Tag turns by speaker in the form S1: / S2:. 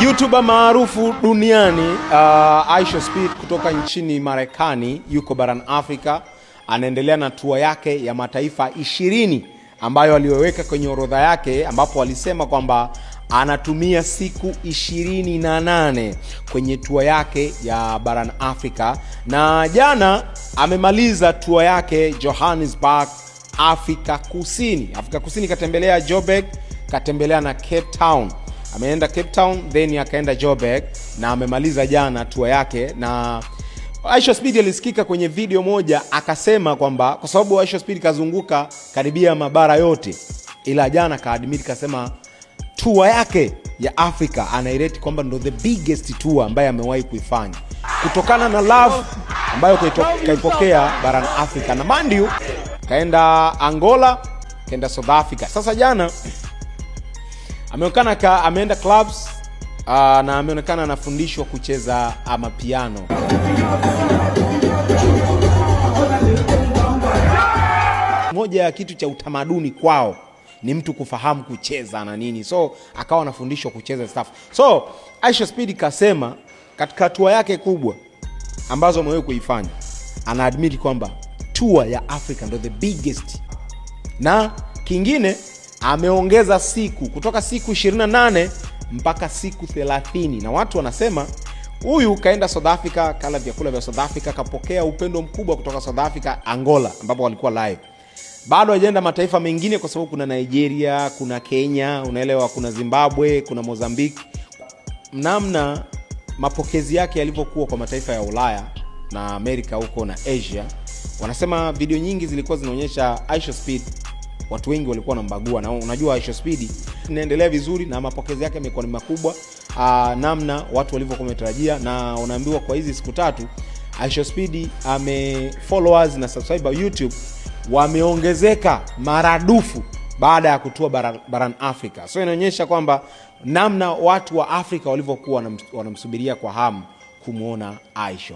S1: YouTuber maarufu duniani uh, Aisha Speed kutoka nchini Marekani yuko barani Afrika, anaendelea na tua yake ya mataifa ishirini ambayo aliyoweka kwenye orodha yake, ambapo alisema kwamba anatumia siku 28 kwenye tua yake ya barani Afrika, na jana amemaliza tua yake Johannesburg, Afrika Kusini. Afrika Kusini katembelea Joburg katembelea na Cape Town ameenda Cape Town then akaenda Joburg na amemaliza jana tour yake, na Aisha Speed alisikika kwenye video moja akasema kwamba kwa sababu Aisha Speed kazunguka karibia mabara yote, ila jana kaadmit kasema tour yake ya Afrika anaireti kwamba ndo the biggest tour ambaye amewahi kuifanya kutokana na love ambayo kaipokea barani Afrika, na mandiu kaenda Angola, kaenda South Africa. Sasa jana ameonekana ka, ameenda clubs uh, na ameonekana anafundishwa kucheza amapiano. Moja ya kitu cha utamaduni kwao ni mtu kufahamu kucheza na nini, so akawa anafundishwa kucheza staff. So Aisha Speed kasema katika hatua yake kubwa ambazo amewahi kuifanya, anaadmiti kwamba tour ya Africa ndo the biggest, na kingine ameongeza siku kutoka siku 28 mpaka siku 30, na watu wanasema huyu kaenda South Africa, kala vyakula vya South Africa, kapokea upendo mkubwa kutoka South Africa, Angola ambapo walikuwa live. Bado ajaenda mataifa mengine kwa sababu kuna Nigeria, kuna Kenya, unaelewa, kuna Zimbabwe, kuna Mozambique. Namna mapokezi yake yalivyokuwa kwa mataifa ya Ulaya na Amerika huko na Asia, wanasema video nyingi zilikuwa zinaonyesha Aisha Speed watu wengi walikuwa wanambagua, na unajua Aisha Speed inaendelea vizuri na mapokezi yake yamekuwa ni makubwa aa, ah, namna watu walivyokuwa wametarajia, na unaambiwa kwa hizi siku tatu Aisha Speed ame followers na subscriber YouTube wameongezeka maradufu baada ya kutua barani baran Afrika. So inaonyesha kwamba namna watu wa Afrika walivyokuwa wanamsubiria kwa hamu kumwona Aisha.